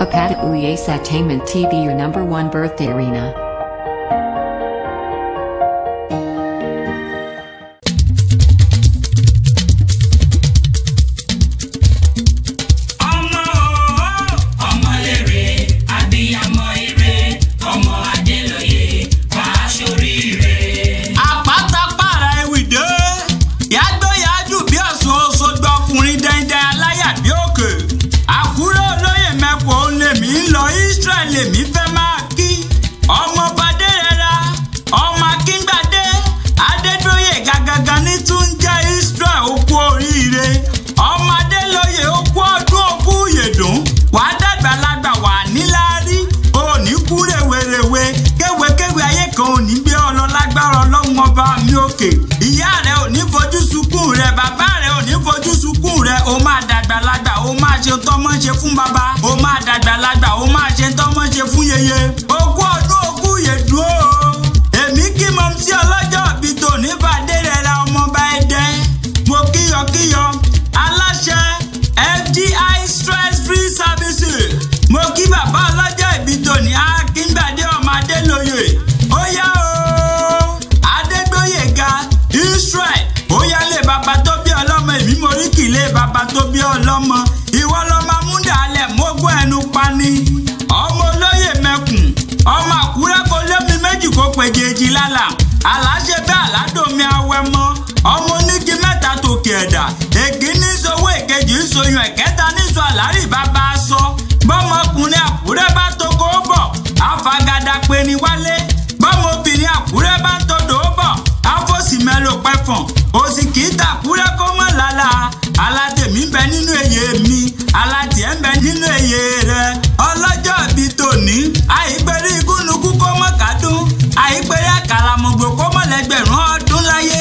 Apataouye Entertainment TV your number one birthday arena. lèmi fẹ́ máa kí ọmọ bàdé rẹra ọmọ akíngbàdé adédọ́yè gàgàgàn ní tún jẹ́ israel okú oríire ọmọ adélọ́yè okú ọdún okú yèdùn wà á dàgbàlagbà wà níláárí òní kú rèwerèwe kéwékéwé ayé kan ò ní gbé ọ lọ lágbára ọlọ́run ọba mi òkè ìyá rẹ ò ní fojú sunkún rẹ bàbá rẹ ò ní fojú sunkún rẹ o máa dàgbàlagbà o máa ṣe tọ́mọ́ ṣe fún bàbá. ilé bàbá tó bí ọlọ́mọ ìwọ lọ́mọ amúndàálẹ̀ mógún ẹnu pani ọmọ olóyè mẹ́kùn ọmọ àkúrẹ́ kò lémi méjì kó pèjèjì lálà àlàáṣe bẹ́ẹ̀ àládòmí awẹ́mọ́ ọmọ onígi mẹ́ta tòkè ẹ̀dà èkíní sowó èkejì ń soyún ẹ̀kẹ́ kàràmọ̀gbò kó mọ̀lẹ́gbẹ̀rún ọdún láyé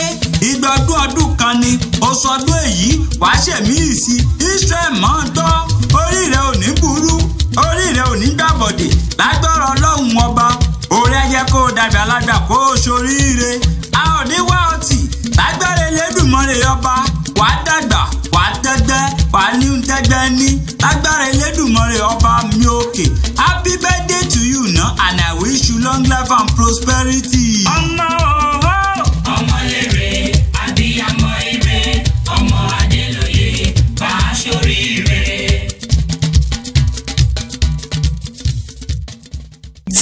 ìgbọ̀dún ọdún kan ni ó sọdún èyí wàá ṣèmí ìsì Israel mọ́ ń tọ́ orí rẹ̀ ò ní burú orí rẹ̀ ò ní gbàbọ̀dẹ̀ lágbọ́rọ̀ ọlọ́run ọba orí ẹyẹ kó o dàbí alágbà kó o ṣoríire a ò ní wá ọtí lágbára Elédùmarè ọba wàá dàgbà wàá tẹ́gbẹ́ wàá ní tẹ́gbẹ́ ní lágbára Elédùmarè ọba mi òkè life and prosperity. ọmọ òwò. ọmọ èrè abiyamọ èrè ọmọ adélòye bá a ṣorí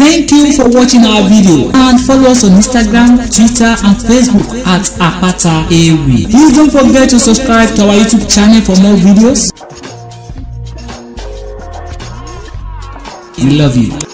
Thank you for watching our video and follow us on Instagram, Twitter and Facebook at Apata Ewi. Please don't forget to subscribe to our YouTube channel for more videos. We love you.